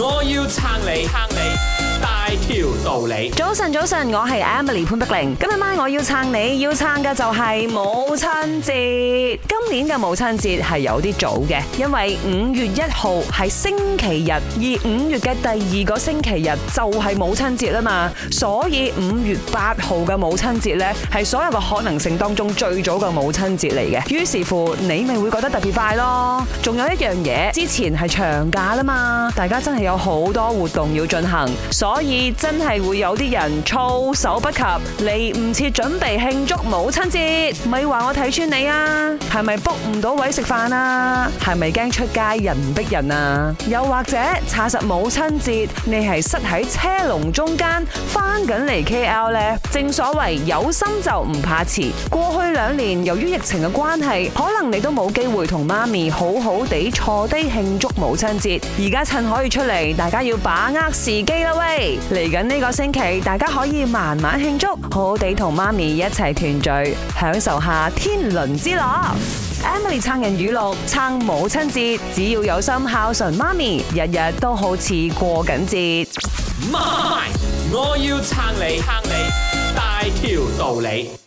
我要撐你，撐你大條道理。早晨，早晨，我係 Emily 潘碧玲。今日晚我要撐你，要撐嘅就係母親節。今年嘅母親節係有啲早嘅，因為五月一號係星期日，而五月嘅第二個星期日就係母親節啦嘛。所以五月八號嘅母親節呢，係所有嘅可能性當中最早嘅母親節嚟嘅。於是乎，你咪會覺得特別快咯。仲有一樣嘢，之前係長假啦嘛，大家真係，有好多活動要進行，所以真係會有啲人措手不及，嚟唔切準備慶祝母親節，咪話我睇穿你啊？係咪 book 唔到位食飯啊？係咪驚出街人逼人啊？又或者查實母親節你係塞喺車龍中間翻緊嚟 KL 呢？正所謂有心就唔怕遲。過去兩年由於疫情嘅關係，可能你都冇機會同媽咪好好地坐低慶祝母親節。而家趁可以出嚟。大家要把握時機啦喂！嚟緊呢個星期，大家可以慢慢慶祝，好好地同媽咪一齊團聚，享受下天倫之樂 em。Emily 撐人語錄，撐母親節，只要有心孝順媽咪，日日都好似過緊節。媽，我要撐你，撐你大條道理。